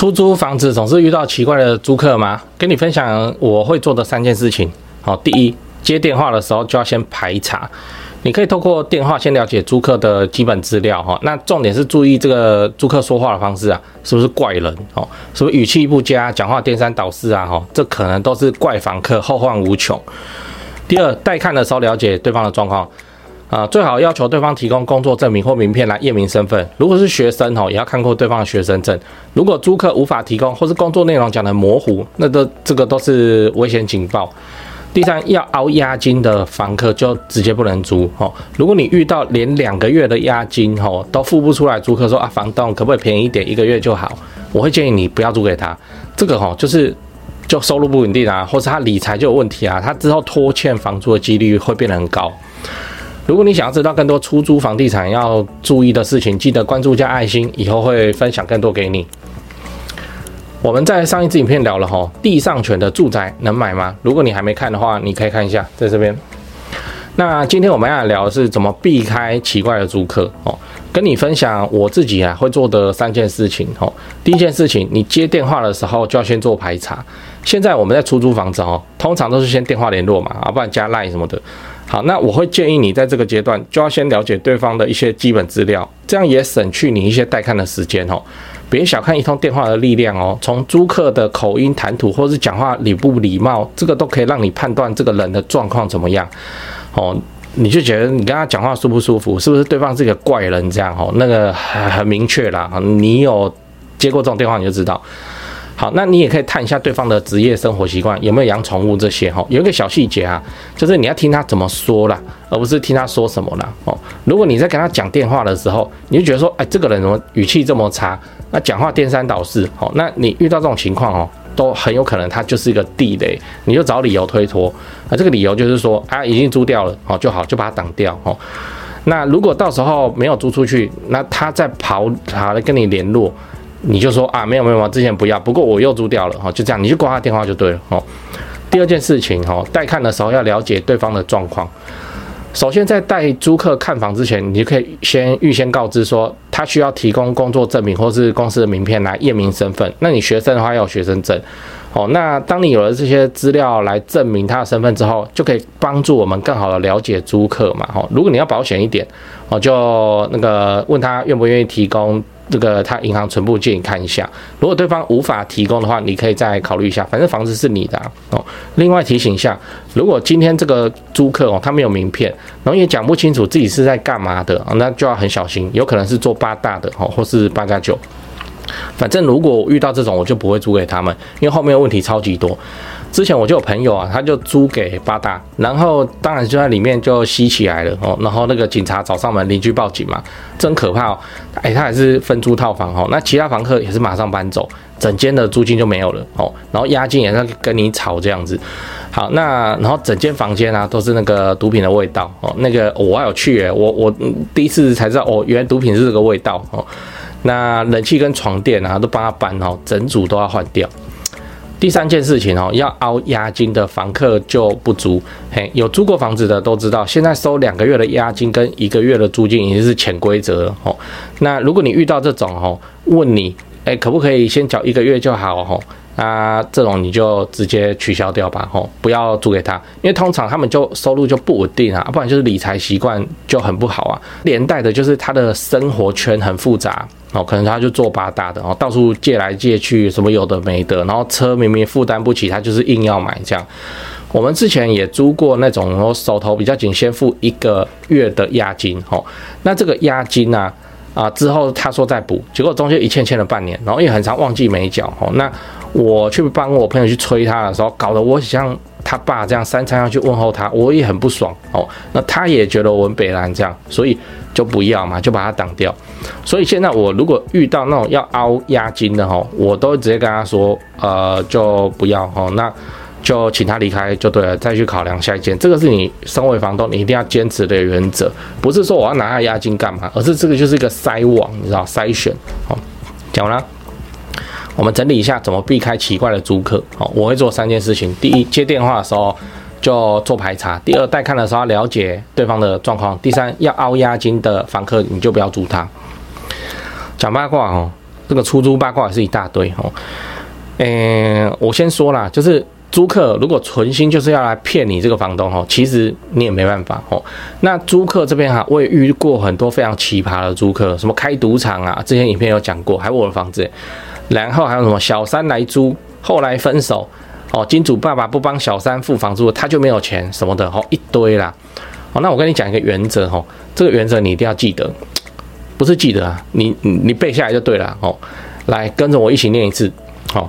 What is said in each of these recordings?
出租房子總是遇到奇怪的租客嗎？跟你分享我會做的三件事情。好，第一，接電話的時候就要先排查，你可以透過電話先了解租客的基本資料哈。那重點是注意這個租客說話的方式啊，是不是怪人？哦，是不是語氣不佳，講話顛三倒四啊？哈，這可能都是怪房客，後患無窮。第二，帶看的時候了解對方的狀況。啊，最好要求對方提供工作證明或名片來驗明身份。如果是學生吼，也要看過對方的學生證。如果租客無法提供，或是工作內容講得模糊，那都這個都是危險警報。第三，要凹押金的房客就直接不能租哦。如果你遇到連兩個月的押金吼，都付不出來，租客說啊，房東可不可以便宜一點，一個月就好？我會建議你不要租給他。這個吼，就是就收入不穩定啊，或是他理財就有問題啊，他之後拖欠房租的幾率會變得很高。如果你想要知道更多出租房地產要注意的事情，記得關注加愛心，以後會分享更多給你。我們在上一支影片聊了吼，地上權的住宅能買嗎？如果你還沒看的話，你可以看一下，在這邊。那今天我們要來聊的是怎麼避開奇怪的租客哦，跟你分享我自己啊會做的三件事情吼。第一件事情，你接電話的時候就要先做排查。現在我們在出租房子哦，通常都是先電話聯絡嘛，啊，不然加 LINE 什麼的。好，那我會建議你在這個階段就要先了解對方的一些基本資料，這樣也省去你一些帶看的時間哦。別小看一通電話的力量哦，從租客的口音、談吐或是講話禮不禮貌，這個都可以讓你判斷這個人的狀況怎麼樣哦。你就覺得你跟他講話舒不舒服，是不是對方是一個怪人這樣哦？那個很很明確啦，你有接過這種電話，你就知道。好，那你也可以探一下對方的職業、生活習慣，有沒有養寵物這些哈？有一個小細節啊，就是你要聽他怎麼說啦，而不是聽他說什麼啦。哦。如果你在跟他講電話的時候，你就覺得說，哎、欸，這個人怎麼語氣這麼差，那講話顛三倒四，哦，那你遇到這種情況哦，都很有可能他就是一個地雷，你就找理由推脫。啊，這個理由就是說，啊，已經租掉了，哦，就好，就把它擋掉，哦。那如果到時候沒有租出去，那他再跑，他來跟你聯絡。你就說啊，沒有沒有，之前不要。不過我又租掉了哈，就這樣，你就掛他電話就對了哈。第二件事情哈，帶看的時候要了解對方的狀況。首先，在帶租客看房之前，你就可以先預先告知說，他需要提供工作證明或是公司的名片來驗明身份。那你學生的話要有學生證。好，那當你有了這些資料來證明他的身份之後，就可以幫助我們更好的了解租客嘛。哈，如果你要保險一點，哦，就那個問他願不願意提供，這個他銀行存簿，借你看一下，如果對方無法提供的話，你可以再考慮一下。反正房子是你的，啊，哦。另外提醒一下，如果今天這個租客哦，他沒有名片，然後也講不清楚自己是在幹嘛的，哦、那就要很小心，有可能是做八大的哦，或是八加九。反正如果遇到這種，我就不會租給他們，因為後面問題超級多。之前我就有朋友啊，他就租給八大，然後當然就在裡面就吸起來了哦。然後那個警察找上門，鄰居報警嘛，真可怕哦。誒、哎，他還是分租套房哦，那其他房客也是馬上搬走，整間的租金就沒有了哦。然後押金也在跟你吵這樣子。好，那然後整間房間啊都是那個毒品的味道哦。那個、哦、有趣我還有去我我第一次才知道哦，原來毒品是這個味道哦。那冷氣跟床墊啊，都幫他搬哦、喔，整組都要換掉。第三件事情哦、喔，要凹押金的房客就不租嘿。有租過房子的都知道，現在收兩個月的押金跟一個月的租金已經是潛規則哦。那如果你遇到這種哦、喔，問你、欸、可不可以先繳一個月就好哦、喔？那這種你就直接取消掉吧哦、喔，不要租給他，因為通常他們就收入就不穩定啊，不然就是理財習慣就很不好啊，連帶的就是他的生活圈很複雜。哦，可能他就做八大的哦，到處借來借去，什麼有的沒的，然後車明明負擔不起，他就是硬要買這樣。我們之前也租過那種，然後手頭比較緊，先付一個月的押金哦。那這個押金啊，啊之後他說再補，結果中間一欠欠了半年，然後也很常忘記沒繳哦。那我去幫我朋友去催他的時候，搞得我像他爸這樣，三餐要去問候他，我也很不爽哦。那他也覺得我們北蘭這樣，所以就不要嘛，就把他擋掉。所以現在我如果遇到那種要凹押金的哈，我都直接跟他說，呃，就不要吼，那就請他離開就對了，再去考量下一件。這個是你身為房東，你一定要堅持的原則，不是說我要拿他押金幹嘛，而是這個就是一個篩網，你知道篩選。好，講完了，我們整理一下怎麼避開奇怪的租客。好，我會做三件事情：第一，接電話的時候。就做排查。第二，帶看的時候要了解對方的狀況。第三，要凹押金的房客，你就不要租他。講八卦哦，這個出租八卦也是一大堆哦。嗯，我先說啦，就是租客如果存心就是要來騙你這個房東哦，其實你也沒辦法哦。那租客這邊哈、啊，我也遇過很多非常奇葩的租客，什麼開賭場啊，之前影片有講過，還有我的房子。然後還有什麼小三來租，後來分手。哦，金主爸爸不幫小三付房租，他就沒有錢什麼的，哦，一堆啦。哦，那我跟你講一個原則，吼、哦，這個原則你一定要記得，不是記得啊，你你背下來就對了，哦，來跟着我一起念一次，好、哦，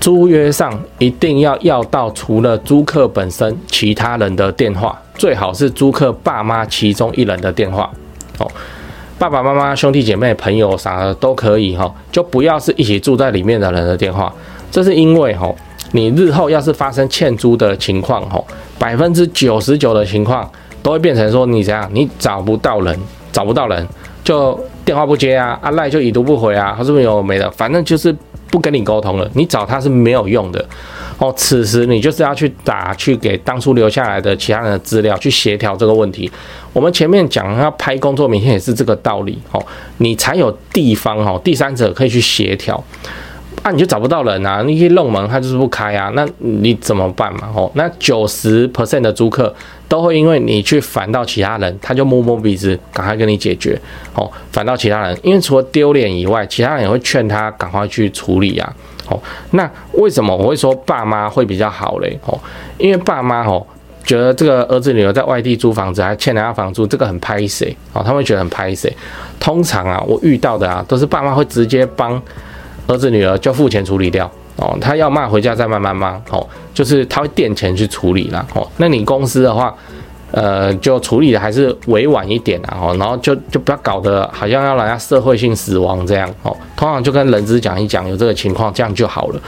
租約上一定要要到除了租客本身其他人的電話，最好是租客爸媽其中一人的電話，哦，爸爸媽媽、兄弟姐妹、朋友啥的都可以，哈、哦，就不要是一起住在裡面的人的電話，這是因為，吼、哦。你日後要是發生欠租的情況，哦，百分之九十九的情況都會變成說你怎樣，你找不到人，找不到人，就電話不接啊，阿、啊、LINE 就已讀不回啊，或是沒有沒的，反正就是不跟你溝通了，你找他是沒有用的，哦，此時你就是要去打去給當初留下來的其他人的資料去協調這個問題。我們前面講要拍工作名片也是這個道理，哦，你才有地方哦，第三者可以去協調。那、啊、你就找不到人啊！你去弄門，他就是不開啊！那你怎麼辦嘛？哦，那九十 percent 的租客都會因為你去煩到其他人，他就摸摸鼻子，趕快跟你解決。哦，煩到其他人，因為除了丟臉以外，其他人也會勸他趕快去處理啊。哦，那為什麼我會說爸媽會比較好嘞？哦，因為爸媽哦覺得這個兒子女兒在外地租房子還欠人家房租，這個很歹勢哦，他們會覺得很歹勢。通常啊，我遇到的啊，都是爸媽會直接幫。兒子女兒就付錢處理掉哦，他要罵回家再慢慢罵哦，就是他會墊錢去處理啦。哦。那你公司的話，呃，就處理的還是委婉一點啊哦，然後就就不要搞得好像要人家社會性死亡這樣哦。通常就跟人資講一講有這個情況，這樣就好了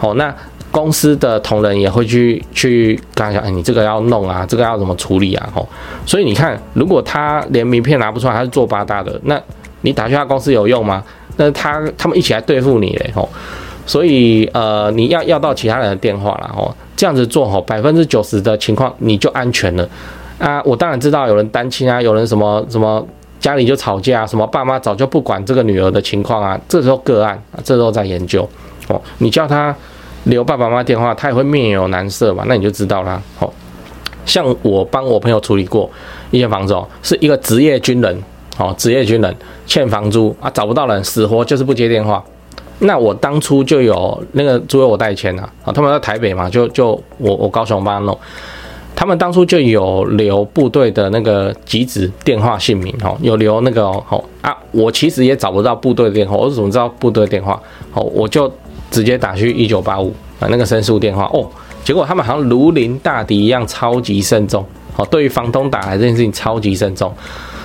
哦。那公司的同仁也會去去跟他講，哎，你這個要弄啊，這個要怎麼處理啊哦。所以你看，如果他連名片拿不出來，他是做八大的那。你打去他公司有用嗎？那他他們一起來對付你嘞吼、哦，所以呃你要要到其他人的電話啦吼、哦，這樣子做哦，百分之九十的情況你就安全了啊。我當然知道有人單親啊，有人什麼什麼家裡就吵架，什麼爸媽早就不管這個女兒的情況啊。這時候個案，這時候在研究哦。你叫他留爸爸媽媽電話，他也會面有難色嘛，那你就知道了哦。像我幫我朋友處理過一間房子哦，是一個職業軍人。哦，職業軍人欠房租啊，找不到人，死活就是不接電話。那我當初就有那個租約，我代簽了啊，他們在台北嘛，就就我我高雄幫他弄。他們當初就有留部隊的那個機子電話、姓名，有留那個哦啊。我其實也找不到部隊電話，我怎麼知道部隊電話？哦，我就直接打去一九八五啊，那個申訴電話哦。結果他們好像如臨大敵一樣，超級慎重哦，對於房東打來這件事情超級慎重。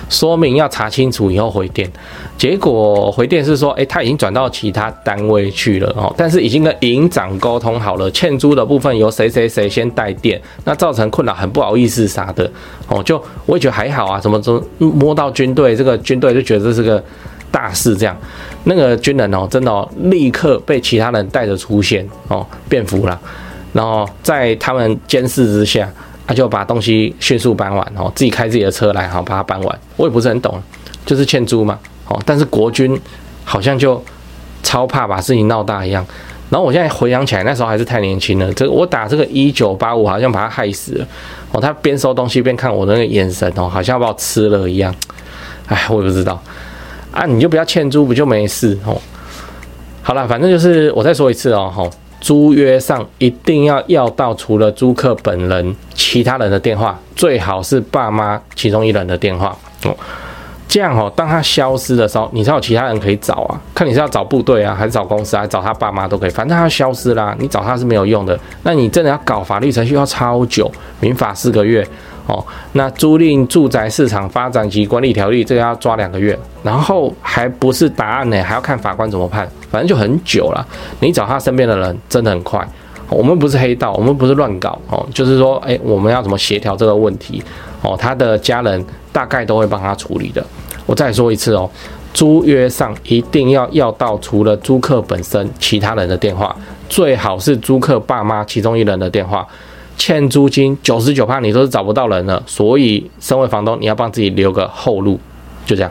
說明要查清楚以後回電，結果回電是說，誒，他已經轉到其他單位去了哦，但是已經跟營長溝通好了，欠租的部分由誰誰誰先代墊，那造成困擾很不好意思啥的哦，就我也覺得還好啊，什麼什麼摸到軍隊，這個軍隊就覺得這是個大事這樣，那個軍人哦真的立刻被其他人帶着出現哦便服了，然後在他們監視之下。他就把東西迅速搬完，哦，自己開自己的車來，好把它搬完。我也不是很懂，就是欠租嘛，哦，但是國軍好像就超怕把事情鬧大一樣。然後我現在回想起來，那時候還是太年輕了。這我打這個1985，好像把他害死了。哦，他邊收東西邊看我的那個眼神，哦，好像要把我吃了一樣。哎，我也不知道。啊，你就不要欠租，不就沒事。哦，好了，反正就是我再說一次哦、喔。哈。租約上一定要要到除了租客本人，其他人的電話，最好是爸媽其中一人的電話哦。這樣哦，當他消失的時候，你才有其他人可以找啊，看你是要找部隊啊，還是找公司，還是找他爸媽都可以，反正他消失啦、啊，你找他是沒有用的。那你真的要搞法律程序要超久，民法四個月。哦，那租賃住宅市場發展及管理條例這個要抓兩個月，然後還不是答案呢，還要看法官怎麼判，反正就很久了。你找他身邊的人，真的很快。我們不是黑道，我們不是亂搞哦，就是說，誒，我們要怎麼協調這個問題？哦，他的家人大概都會幫他處理的。我再說一次哦，租約上一定要要到除了租客本身，其他人的電話，最好是租客爸媽其中一人的電話。欠租金九十九趴，你都是找不到人了。所以，身為房東，你要幫自己留個後路，就這樣。